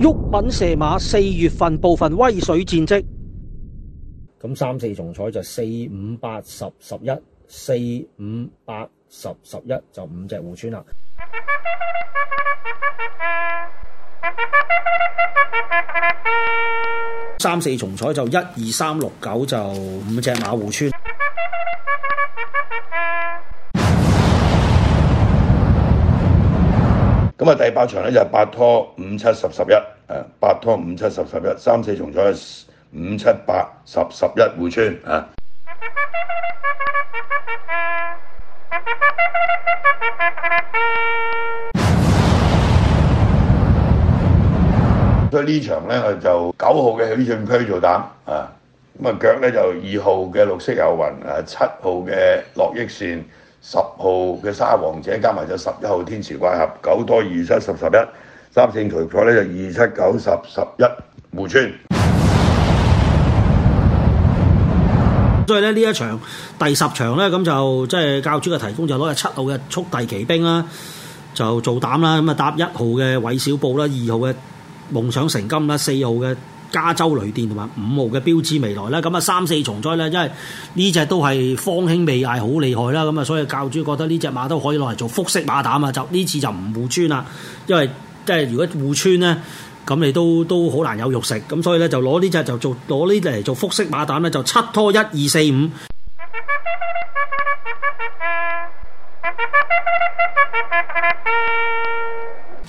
玉品射馬四月份部分威水戰績，咁三四重彩就四五八十十一，四五八十十一就五隻互串啦。三四重彩就一二三六九就五隻馬互串。咁啊，第八場咧就八拖五七十十一。誒八拖五七十十一，三四重彩五七八十十一互村啊，所以場呢場咧就九號嘅許進區做膽啊。咁啊腳咧就二號嘅綠色有雲啊，七號嘅樂益線。十號嘅沙皇者，加埋就十一號天池怪俠，九多二七十十一三線除錯呢，就二七九十十一無穿。所以呢，呢一場第十場呢，咁就即係教主嘅提供就攞隻七號嘅速遞奇兵啦，就做膽啦，咁啊搭一號嘅韋小布啦，二號嘅夢想成金啦，四號嘅加州雷電同埋五號嘅標誌未來啦。咁啊三四重災咧，因為呢隻都係方興未艾，好厲害啦，咁啊所以教主覺得呢隻馬都可以攞嚟做復式馬膽啊，就呢次就唔互穿啦，因為即係如果互穿咧，咁你都都好難有肉食，咁所以咧就攞呢隻就做攞呢隻嚟做復式馬膽咧，就七拖一二四五。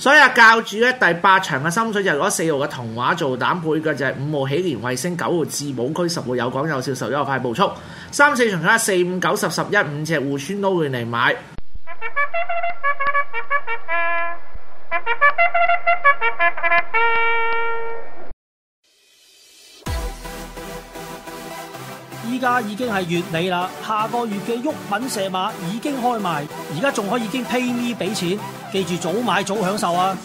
所以啊，教主呢第八場嘅心水就係嗰四號嘅童話做膽背的，配腳就係五號喜連衛星、九號自保區、十號有講有笑、十一號快步速，三四場四五九十十一五隻互村都會嚟買。而家已經係月尾喇，下個月嘅玉敏射馬已經開賣，而家仲可以經 pay me 俾錢。記住早買早享受啊！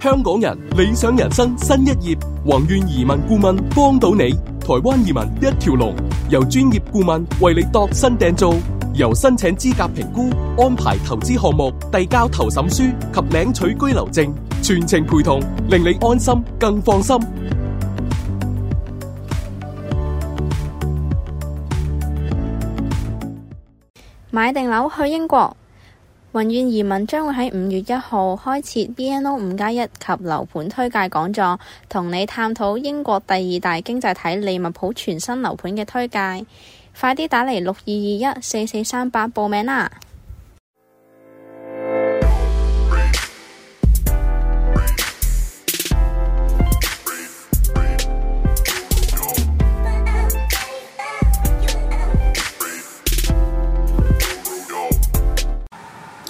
香港人理想人生新一頁，宏遠移民顧問幫到你，台灣移民一條龍，由專業顧問為你度身訂造，由申請資格評估、安排投資項目、遞交投審書及領取居留證，全程陪同，令你安心更放心。買定樓去英國，宏願移民將會喺五月一號開設 B N O 五加一及樓盤推介講座，同你探討英國第二大經濟體利物浦全新樓盤嘅推介。快啲打嚟六二二一四四三八報名啦！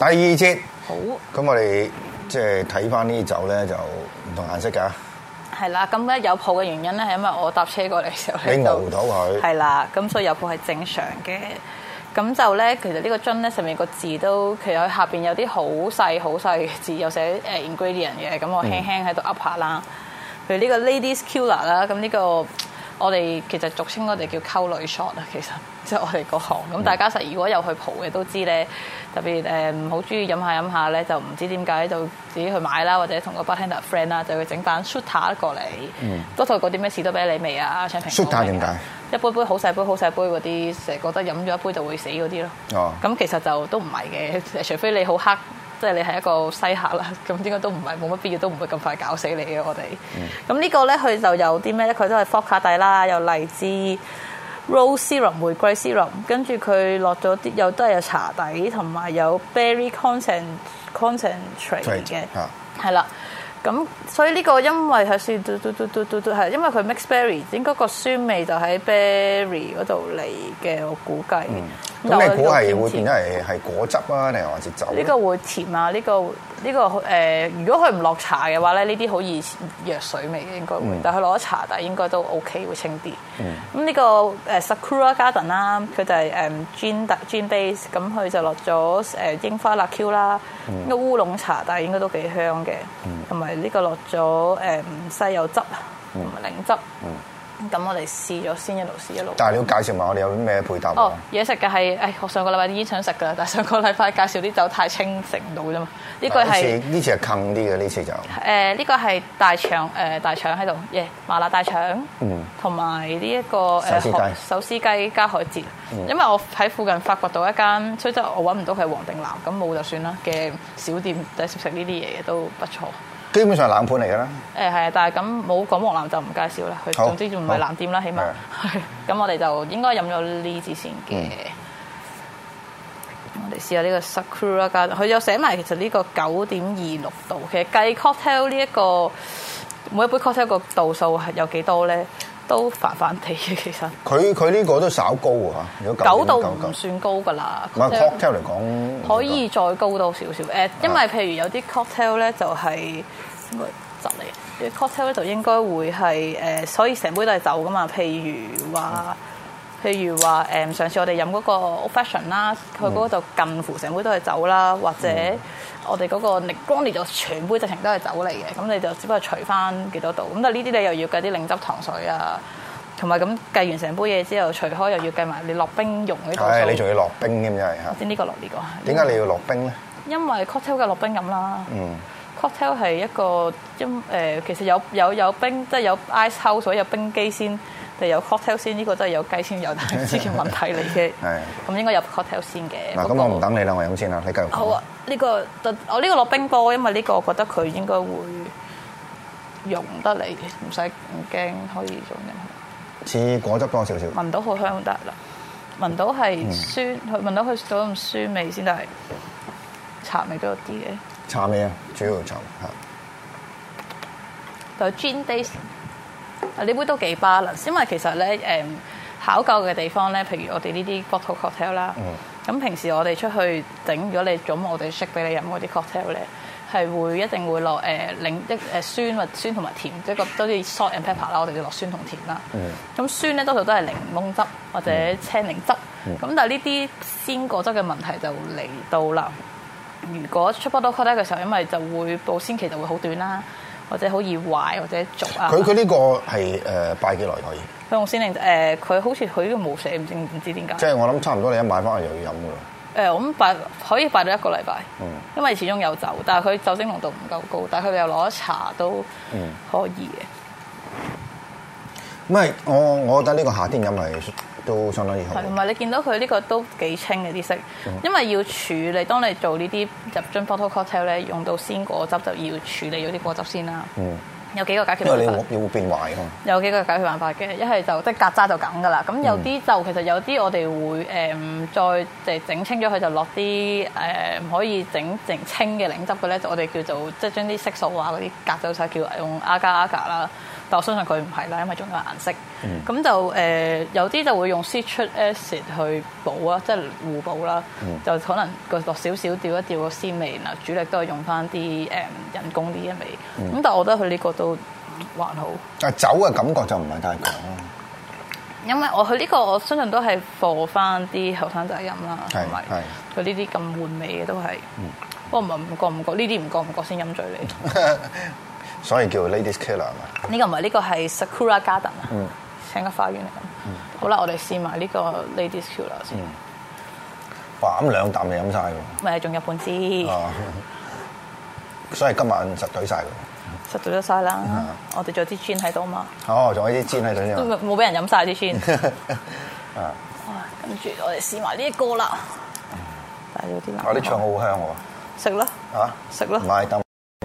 第二隻好，咁我哋即係睇翻呢啲酒咧，就唔同顏色噶。係啦，咁咧有泡嘅原因咧，係因為我搭車過嚟時候拎到佢，係啦，咁所以有泡係正常嘅。咁就咧，其實呢個樽咧上面個字都，其實佢下邊有啲好細好細嘅字，又寫誒 ingredient 嘅。咁我輕輕喺度噏下啦、嗯，譬如呢個 Ladies Kula 啦，咁呢個。我哋其實俗稱我哋叫溝女 shot 啊，其實即係我哋個行咁，大、嗯、家實如果有去蒲嘅都知咧，特別誒唔、呃、好中意飲下飲下咧，就唔知點解就自己去買啦，或者同個 bartender friend 啦，就去整返 shot 過嚟，多套嗰啲咩士多啤梨味啊，嗯、香檳。shot 點解？一杯杯好細杯好細杯嗰啲，成日覺得飲咗一杯就會死嗰啲咯。哦。咁其實就都唔係嘅，除非你好黑。即係你係一個西客啦，咁應該都唔係冇乜必要，都唔會咁快搞死你嘅我哋、嗯。咁呢個咧，佢就有啲咩咧？佢都係伏卡底啦，有荔枝、rose syrup、玫瑰 syrup，跟住佢落咗啲，又都係有茶底同埋有 berry concentrate 嘅，係、啊、啦。咁所以呢個因為係算嘟嘟嘟嘟嘟嘟係，因為佢 mix berry，應該個酸味就喺 berry 嗰度嚟嘅，我估計。嗯。咁你估係會變得係係果汁啦，定係還是酒呢？呢、這個會甜啊，呢、這個呢、這個誒、呃，如果佢唔落茶嘅話咧，呢啲好易藥水味的應該會。嗯、但係佢落咗茶底，但應該都 OK，會清啲。咁、嗯、呢個誒 Sakura Garden 啦，佢就係誒 Gin、Gin Base，咁佢就落咗誒櫻花 Liqueur 啦，嗯、個烏龍茶底應該都幾香嘅，同埋呢個落咗誒西柚汁同埋檸汁。咁我哋試咗先，一路試一路。但係你要介紹埋我哋有啲咩配搭、啊、哦，嘢食嘅係，誒、哎、上個禮拜已經想食㗎喇，但係上個禮拜介紹啲酒太清了，食唔到啫嘛。呢次呢次係近啲嘅，呢次就、呃。誒呢個係大腸，誒、呃、大腸喺度，耶、yeah, 麻辣大腸。同埋呢一個誒、呃、手撕雞，加海蜇、嗯。因為我喺附近發掘到一間，雖則我揾唔到佢係黃定藍，咁冇就算啦嘅小店，就食呢啲嘢都不錯。基本上係冷盤嚟嘅啦。誒係啊，但係咁冇講黃藍就唔介紹啦。好，總之仲唔係藍店啦，起碼。咁 是的笑我哋就應該飲咗呢支先嘅。嗯、我哋試下呢個 sakura 個，佢有寫埋其實呢個九點二六度。其實計 cocktail 呢一個每一杯 cocktail 個度數係有幾多咧？都凡凡哋嘅，其實佢佢呢個都稍高啊，如果九度唔算高噶啦。唔係 cocktail 嚟講，可以再高多少少？誒，因為譬如有啲 cocktail 咧就係應該酒嚟，cocktail 咧就應該會係誒，所以成杯都係酒噶嘛。譬如話，譬如話誒，上次我哋飲嗰個 Old Fashion 啦，佢嗰度近乎成杯都係酒啦，或者。嗯我哋嗰個光烈就全杯直情都係酒嚟嘅，咁你就只不過除翻幾多度，咁但係呢啲你又要計啲檸汁糖水啊，同埋咁計完成杯嘢之後除開又要計埋你落冰用的。呢度。係，你仲要落冰㗎嘛，真係先呢個落呢、呢個。點解你要落冰咧？因為 cocktail 嘅落冰咁啦。嗯。cocktail 係一個因誒，其實有有有冰，即係有 ice cold 所以有冰機先。有 c o c k t a i l 先，呢、呢個真係有雞先有，但係之前問題嚟嘅。係， 咁應該有 c o c k t a i l 先嘅。嗱，咁我唔等你啦，我飲先啦，你繼續講。好啊，呢、呢個我呢個落冰波，因為呢個我覺得佢應該會溶得嚟，唔使唔驚，可以飲飲，似果汁多少少，聞到好香得啦，聞到係酸，佢聞到佢有咁酸味先，但係茶味多啲嘅。茶味啊，主要是茶。就 Gin Days。嗯呢杯都幾 balance 因為其實咧誒、嗯、考究嘅地方咧，譬如我哋呢啲 bottle cocktail 啦，咁、嗯、平時我哋出去整，如果你做我哋 shake 俾你飲嗰啲 cocktail 咧，係會一定會落誒檸一誒酸物酸同埋甜，即係個好似 salt and pepper 啦，我哋就落酸同甜啦。咁酸咧多數都係檸檬汁或者青檸汁，咁、嗯、但係呢啲鮮果汁嘅問題就嚟到啦。如果出 bottle cocktail 嘅時候，因為就會保鮮期就會好短啦。或者好易壞或者濁啊。佢佢呢個係誒擺幾耐可以？佢用鮮檸誒，佢、呃、好似佢呢個冇寫唔知，唔知點解。即係我諗差唔多你一買翻嚟又要飲㗎啦。誒，我諗擺可以擺到一個禮拜。嗯，因為始終有酒，但係佢酒精濃度唔夠高，但係佢又攞茶都可以嘅、嗯。唔係，我我覺得呢個夏天飲係。都相對而言係，同埋你見到佢呢、這個都幾清嘅啲色，因為要處理。當你做呢啲入樽 photo cocktail 咧，用到鮮果汁就要處理咗啲果汁先啦。嗯，有幾個解決，因為你會變壞。有幾個解決辦法嘅，一係、啊、就即係曱甴就咁㗎啦。咁有啲就其實有啲我哋會誒、呃、再誒整清咗佢，就落啲誒唔可以整淨清嘅檸汁嘅咧，就我哋叫做即係將啲色素啊嗰啲隔走晒，叫用阿加阿加啦。但我相信佢唔係啦，因為仲有顏色。咁、嗯、就誒、呃、有啲就會用 Citric Acid 去補啊，即係互補啦。嗯、就可能個落少少調一調個鮮味嗱，主力都係用翻啲誒人工啲嘅味道。咁、嗯、但係我覺得佢呢個都還好。啊酒嘅感覺就唔係太強，因為我佢呢個我相信都係課翻啲後生仔飲啦，係係。佢呢啲咁換味嘅都係，我唔係唔覺唔覺呢啲唔覺唔覺先飲醉你。 所以叫 Ladies Killer 啊嘛？呢、這個唔係，呢、這個係 Sakura Garden 啊、嗯，整個花園嚟㗎。好啦，我哋試埋呢個 Ladies Killer 先、嗯。哇！咁兩啖你飲晒㗎喎。咪係仲有半支、哦。所以今晚實兌晒㗎。實兌得曬啦。我哋仲有啲磚喺度啊嘛。哦，仲有啲磚喺度冇俾人飲晒啲磚。跟 住我哋試埋呢 一個啦。帶咗啲難。腸好香喎、啊。食啦。嚇、啊！食啦。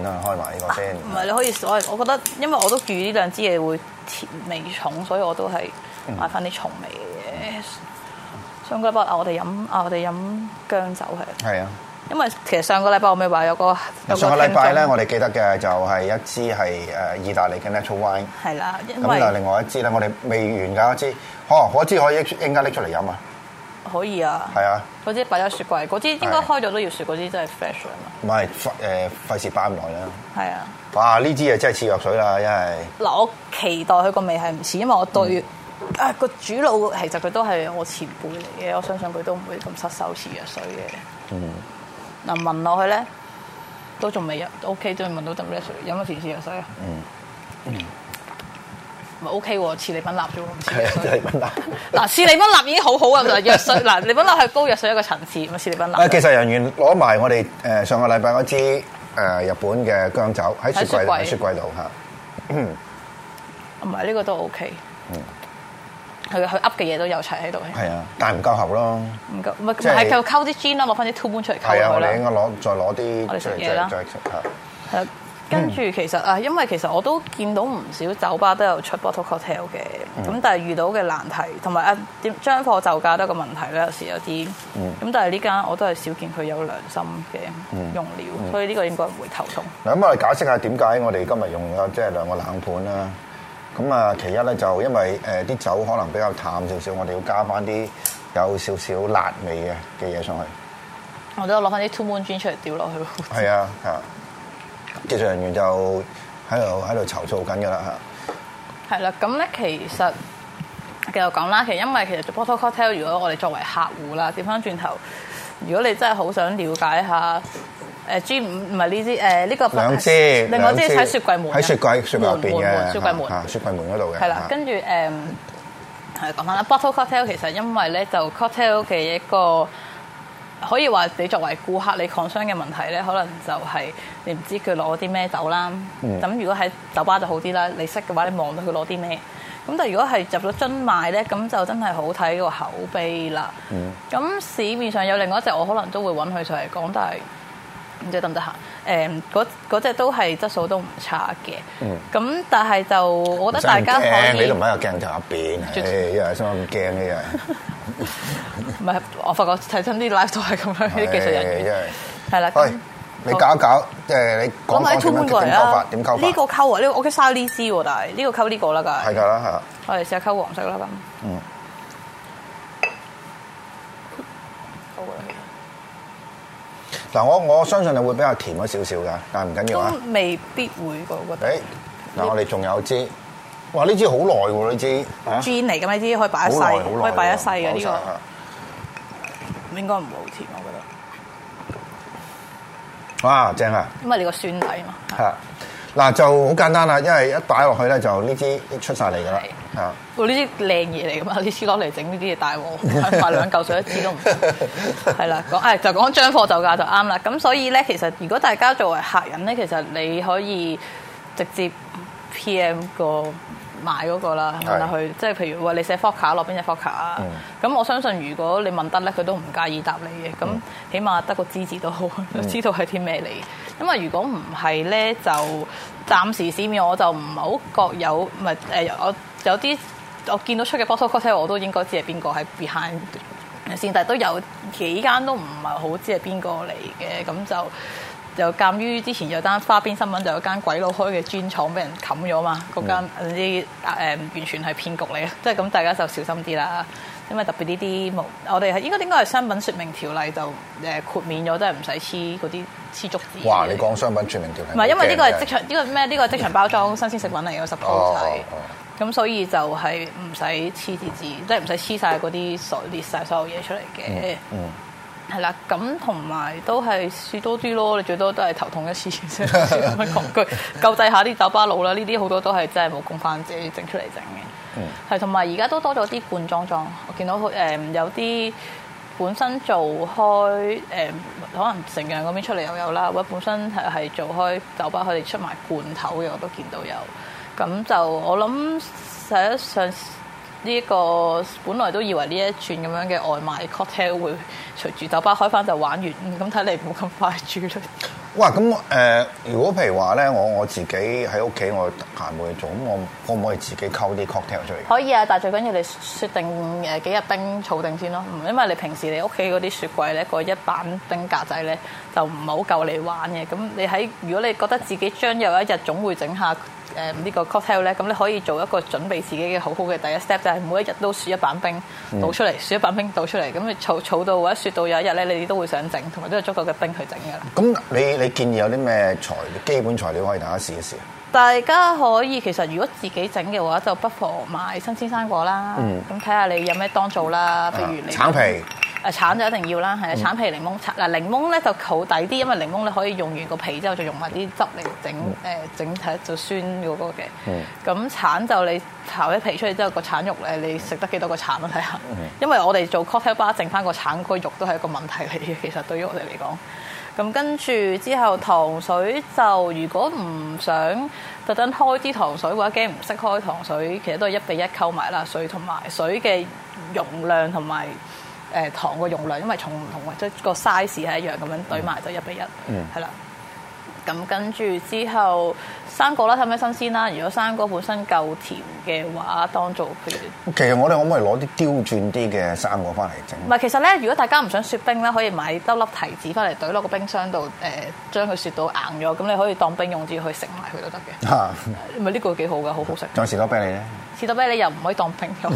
唔係、啊，你可以我我覺得，因為我都注意呢兩支嘢會甜味重，所以我都係買翻啲重味嘅嘢、嗯。上個禮拜我哋飲，我哋飲薑酒係。係啊，因為其實上個禮拜我咪話有個，有個上個禮拜咧，我哋記得嘅就係一支係誒意大利嘅 natural wine。係啦，咁嚟另外一支咧，我哋未完㗎一支。哦，嗰支可以應應家拎出嚟飲啊！可以啊，係啊，嗰支擺咗雪櫃，嗰支應該開咗都要雪，嗰支、啊、真係 fresh 啊嘛。唔係，誒費事擺唔耐啦。係啊。哇！呢支啊真係似藥水啦，因為。嗱，我期待佢個味係唔似，因為我對、嗯、啊個主腦其實佢都係我前輩嚟嘅，我相信佢都唔會咁失手似藥水嘅。嗯下去呢。嗱，聞落去咧都仲未入，OK 都聞到啲咩水？飲咗前似藥水啊？嗯，嗯。咪 OK 喎，似利賓納啫喎，利賓納嗱，似利賓納已經很好好啊，藥水嗱，利賓納係高藥水一個層次，咪似利賓納，誒，技術人員攞埋我哋上個禮拜嗰支日本嘅薑酒喺雪櫃喺雪櫃度嚇，唔係呢個都 OK，嗯，係啊，佢噏嘅嘢都有齊喺度，係啊，但係唔夠喉咯，唔夠唔係，係佢溝啲 gin 攞翻啲 two 出嚟啊，啊，啊，我哋應該攞再攞啲，嗯、跟住其實啊，因為其實我都見到唔少酒吧都有出 bottle cocktail 嘅，咁、嗯、但係遇到嘅難題同埋啊點將貨就價都係個問題咧，有時有啲，咁、嗯、但係呢間我都係少見佢有良心嘅用料，嗯、所以呢個應該唔會投訴。嗱、嗯、咁、嗯、我哋解釋下點解我哋今日用咗即係兩個冷盤啦。咁啊其一咧就因為誒啲、呃、酒可能比較淡少少，我哋要加翻啲有少少辣味嘅嘅嘢上去。我都攞翻啲 Two Moons 磚出嚟掉落去。係啊。技術人員就喺度喺度籌措緊㗎啦嚇。係啦，咁咧其實繼續講啦，其實因為其實 bottle cocktail，如果我哋作為客戶啦，轉翻轉頭，如果你真係好想了解下誒 G 五唔係呢啲誒呢個，兩支另外一支喺雪櫃門喺雪櫃雪櫃入邊嘅嚇雪櫃門嗰度嘅係啦，跟住誒係講翻啦，bottle cocktail 其實因為咧就 cocktail 嘅一個。可以話你作為顧客，你抗商嘅問題咧，可能就係你唔知佢攞啲咩酒啦。咁、嗯、如果喺酒吧就好啲啦，你識嘅話，你望到佢攞啲咩。咁但係如果係入咗樽賣咧，咁就真係好睇個口碑啦。咁、嗯、市面上有另外一隻，我可能都會揾佢上嚟講，但係唔知得唔得閒？誒、嗯，嗰嗰隻都係質素都唔差嘅。咁、嗯、但係就我覺得大家可以。你唔喺個鏡頭入邊，哎呀，真係唔驚呢呀～ 唔 係，我發覺睇親啲 live 都係咁樣，啲技術人員係啦。你搞一搞，即係你講埋點樣點溝法，點溝呢個溝啊，呢、這個我 s 沙利斯喎，但係呢個溝呢、這個啦，梗係噶啦，係我哋試下溝黃色啦，咁嗯。嗱，我我相信你會比較甜咗少少噶，但係唔緊要啊。未必會我覺得、欸。嗱，我哋仲有一支哇！呢支好耐喎，呢支 Gin 嚟㗎，呢、啊、支可以擺一世，可以擺一世嘅呢個，應該唔好甜，我覺得。哇、啊！正啊！因為你個酸底嘛。係嗱、啊，就好簡單啦，因為一擺落去咧，就呢支出晒嚟㗎啦。啊！呢啲靚嘢嚟㗎嘛，呢次攞嚟整呢啲嘢大鑊，買兩嚿水一支都唔。係 啦，講誒、哎、就講張貨就價就啱啦。咁所以咧，其實如果大家作為客人咧，其實你可以直接 PM 個。買嗰個啦，問下佢，即係譬如話你寫 Forker 落邊隻 Forker、嗯啊？咁我相信如果你問得咧，佢都唔介意答你嘅。咁起碼得個知字都好，知道係啲咩嚟。因為如果唔係咧，就暫時市面我就唔係好覺有咪誒、呃？我有啲我見到出嘅 photo 我都應該知係邊個係 behind 先，但係都有幾間都唔係好知係邊個嚟嘅，咁就。就鑑於之前有單花邊新聞，就有一間鬼佬開嘅專廠俾人冚咗嘛，嗰間總、mm. 完全係騙局嚟嘅，即係咁大家就小心啲啦。因為特別呢啲我哋係應該應該係商品説明條例就誒豁免咗，都係唔使黐嗰啲黐竹紙。哇！你講商品説明條例唔係因為呢個係即場呢個咩？呢、呢個係即場包裝、mm. 新鮮食品嚟有十鋪製，咁、oh, oh, oh. 所以就係唔使黐字字，即係唔使黐晒嗰啲碎裂晒所有嘢出嚟嘅。嗯、mm, mm.。係啦，咁同埋都係試多啲咯。你最多都係頭痛一次先，先 咁樣抗拒，救濟下啲酒吧佬啦。呢啲好多都係真係冇工返，自己整出嚟整嘅。嗯還有，係同埋而家都多咗啲罐裝裝。我見到誒、呃、有啲本身做開誒、呃，可能成藥嗰邊出嚟又有啦，喂，本身係係做開酒吧，佢哋出埋罐頭嘅，我都見到有。咁就我諗實上。呢一個本來都以為呢一串咁樣嘅外賣 cocktail 會隨住酒吧開翻就玩完，咁睇你唔冇咁快轉。哇！咁誒、呃，如果譬如話咧，我我自己喺屋企我得閒冇嘢做，咁我可唔可以自己溝啲 cocktail 出嚟？可以啊，但係最緊要你雪定誒幾日冰儲定先咯，因為你平時你屋企嗰啲雪櫃咧，個一板冰格仔咧就唔係好夠你玩嘅。咁你喺如果你覺得自己將有一日總會整下。誒、嗯嗯、呢個 cocktail 咧，咁你可以做一個準備自己嘅好好嘅第一 step，就係、是、每一日都雪一板冰倒出嚟，嗯、雪一板冰倒出嚟，咁你儲儲到，或者雪到有一日咧，你都會想整，同埋都有足夠嘅冰去整嘅。咁你你建議有啲咩材料基本材料可以大家試一試？大家可以其實如果自己整嘅話，就不妨買新鮮生果啦。咁睇下你有咩當做啦，譬如你、啊、橙皮。橙就一定要啦，係啊！橙皮檸檬橙嗱檸檬咧就好抵啲，因為檸檬你可以用完個皮之後就用埋啲汁嚟整整係就酸嗰、嗰個嘅。咁、嗯、橙就你刨啲皮出嚟之後，橙呢個橙肉咧你食得幾多個橙啊？睇下、嗯，因為我哋做 cocktail bar 剩翻個橙嗰肉都係一個問題嚟嘅。其實對於我哋嚟講，咁跟住之後，糖水就如果唔想特登開啲糖水嘅話，或者驚唔識開糖水，其實都係一比一溝埋啦，水同埋水嘅容量同埋。誒糖嘅容量，因為重唔同或者個 size 係一樣咁樣堆埋就一比一，係啦。咁跟住之後，生果啦睇咩新鮮啦。如果生果本身夠甜嘅話，當做佢。其實我哋可唔可以攞啲刁鑽啲嘅生果翻嚟整？唔係，其實咧，如果大家唔想雪冰啦，可以買得粒提子翻嚟堆落個冰箱度，誒、呃，將佢雪到硬咗，咁你可以當冰用住去食埋佢都得嘅。嚇！咪、啊、呢個幾好嘅，很好好食。仲有士多啤梨咧？士多啤梨又唔可以當冰用。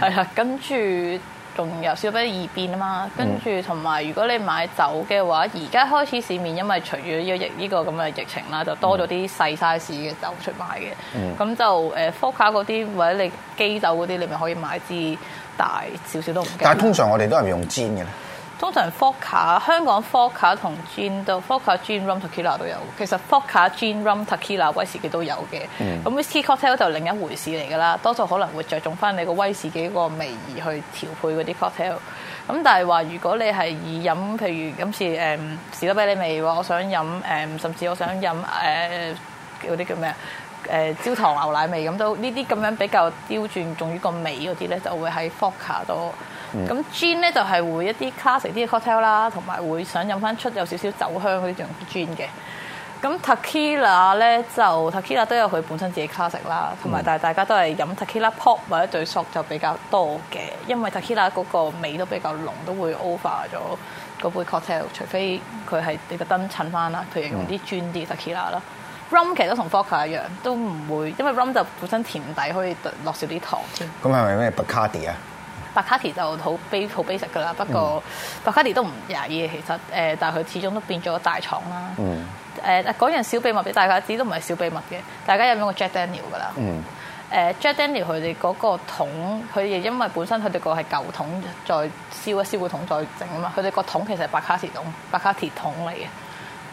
係啦，跟住。仲有少少易變啊嘛，跟住同埋如果你買酒嘅話，而、嗯、家開始市面，因為隨住要疫呢個咁嘅疫情啦，就多咗啲細 size 嘅酒出賣嘅，咁、嗯、就誒複卡嗰啲或者你基酒嗰啲，你咪可以買支大少少都唔驚。但係通常我哋都係用煎嘅。通常伏卡，香港伏卡同 Gin 都伏卡 Gin Rum Tequila 都有，其實伏卡 Gin Rum Tequila 威士忌都有嘅。咁威士忌 cocktail 就另一回事嚟㗎啦，多數可能會着重翻你個威士忌個味而去調配嗰啲 cocktail。咁但係話如果你係以飲，譬如今次誒、嗯、士多啤梨味喎，我想飲、嗯、甚至我想飲誒嗰啲叫咩？誒、呃、焦糖牛奶味，咁都呢啲咁樣比較刁鑽，仲於個味嗰啲咧就會喺 vodka 度。咁、mm. gin 咧就係、是、會一啲 classic 啲嘅 cocktail 啦，同埋會想飲翻出有少少酒香嗰啲用 gin 嘅。咁 tequila 咧就 tequila 都有佢本身自己 classic 啦，同埋但係大家都係飲 tequila pop 或者兌縮就比較多嘅，因為 tequila 嗰個味都比較濃，都會 over 咗嗰杯 cocktail，除非佢係你特登襯翻啦，譬如用啲專啲 tequila 啦。rum 其實都同 vodka 一樣，都唔會，因為 rum 就本身甜底，可以落少啲糖先。咁係咪咩白卡迪啊？白卡迪就好 basic，好 basic 噶啦。不過白卡迪都唔廿二其實誒，但係佢始終都變咗大廠啦。誒、嗯，嗰、呃、樣小秘密俾大家知都唔係小秘密嘅，大家有冇用個 Jack Daniel 噶啦？誒、嗯 uh，Jack Daniel 佢哋嗰個桶，佢哋因為本身佢哋個係舊桶，再燒一燒個桶再整啊嘛。佢哋個桶其實白卡迪桶，白卡迪桶嚟嘅。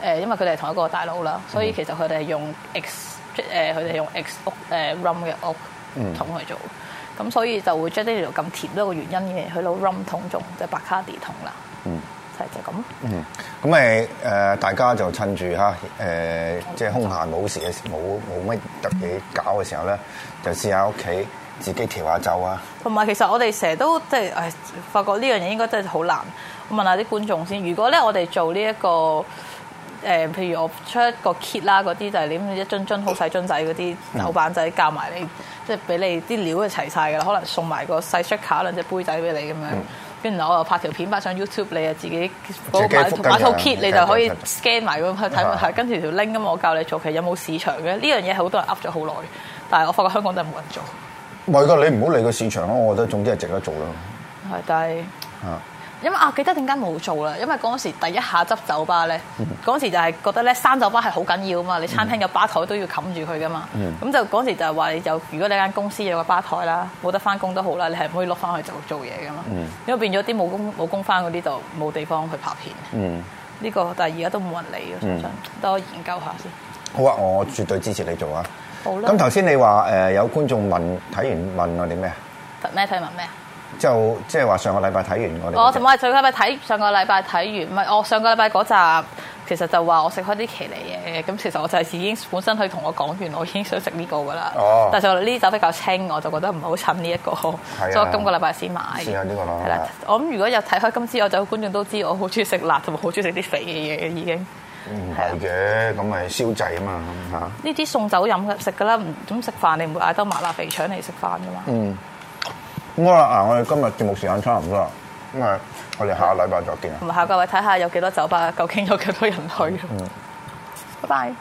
誒，因為佢哋係同一個大佬啦，所以其實佢哋係用 x 誒佢哋用 x 屋誒 rum 嘅屋桶去做，咁、嗯、所以就會將啲嘢咁甜都一個原因嘅，佢攞 rum 桶做就白卡地桶啦，係就咁。嗯，咁咪誒大家就趁住嚇誒，即、呃、係、嗯、空閒冇事嘅時，冇冇乜特別搞嘅時候咧，就試下屋企自己調一下酒啊。同埋其實我哋成日都即係誒，發覺呢樣嘢應該真係好難。我問，問一下啲觀眾先，如果咧我哋做呢、這、一個。誒，譬如我出一個 kit 啦，嗰啲就係你一樽樽好細樽仔嗰啲扭板仔，教埋你，即係俾你啲料係齊晒噶啦。可能送埋個細出卡兩隻杯仔俾你咁樣。跟住我又拍條片拍上 YouTube，你啊自己，自己買埋套 kit，你就可以 scan 埋咁去睇。跟住條 link 咁，我教你做。其實有冇市場嘅呢樣嘢，好多人噏咗好耐，但係我發覺香港都係冇人做。唔係，你唔好理個市場咯。我覺得總之係值得做咯。係，但係因為啊，記得點解冇做啦？因為嗰陣時第一下執酒吧咧，嗰、嗯、陣時就係覺得咧，生酒吧係好緊要啊嘛！你餐廳有吧台都要冚住佢噶嘛。咁、嗯、就嗰陣時就係話，有如果你間公司有個吧台啦，冇得翻工都好啦，你係唔可以落翻去就做嘢噶嘛。嗯、因為變咗啲冇工冇工翻嗰啲就冇地方去拍片。嗯、呢個，呢個但係而家都冇人理嘅，嗯、想多研究一下先。好啊，我絕對支持你做啊。好、嗯、啦。咁頭先你話誒有觀眾問，睇完問我啲咩咩？睇問咩就即係話上個禮拜睇完那我，我我係上個禮拜睇上個禮拜睇完，唔係我上個禮拜嗰集其實就話我食開啲奇嚟嘅，咁其實我就係已經本身佢同我講完，我已經想食呢個噶啦。哦，但就呢酒比較清，我就覺得唔係好襯呢一個，啊、所以我今個禮拜先買。呢個啦。係啦，我諗如果有睇開今朝有酒，我就觀眾都知道我好中意食辣同埋好中意食啲肥嘅嘢嘅已經。嗯，係嘅，咁咪消滯啊燒仔嘛嚇。呢、啊、啲送酒飲食噶啦，唔咁食飯你唔會嗌得麻辣肥腸嚟食飯噶嘛。嗯。好啦，嗱，我哋今日節目時間差唔多啦，咁啊，我哋下個禮拜再見啊！同埋下個位睇下有幾多酒吧，究竟有幾多人去嗯？嗯，拜拜。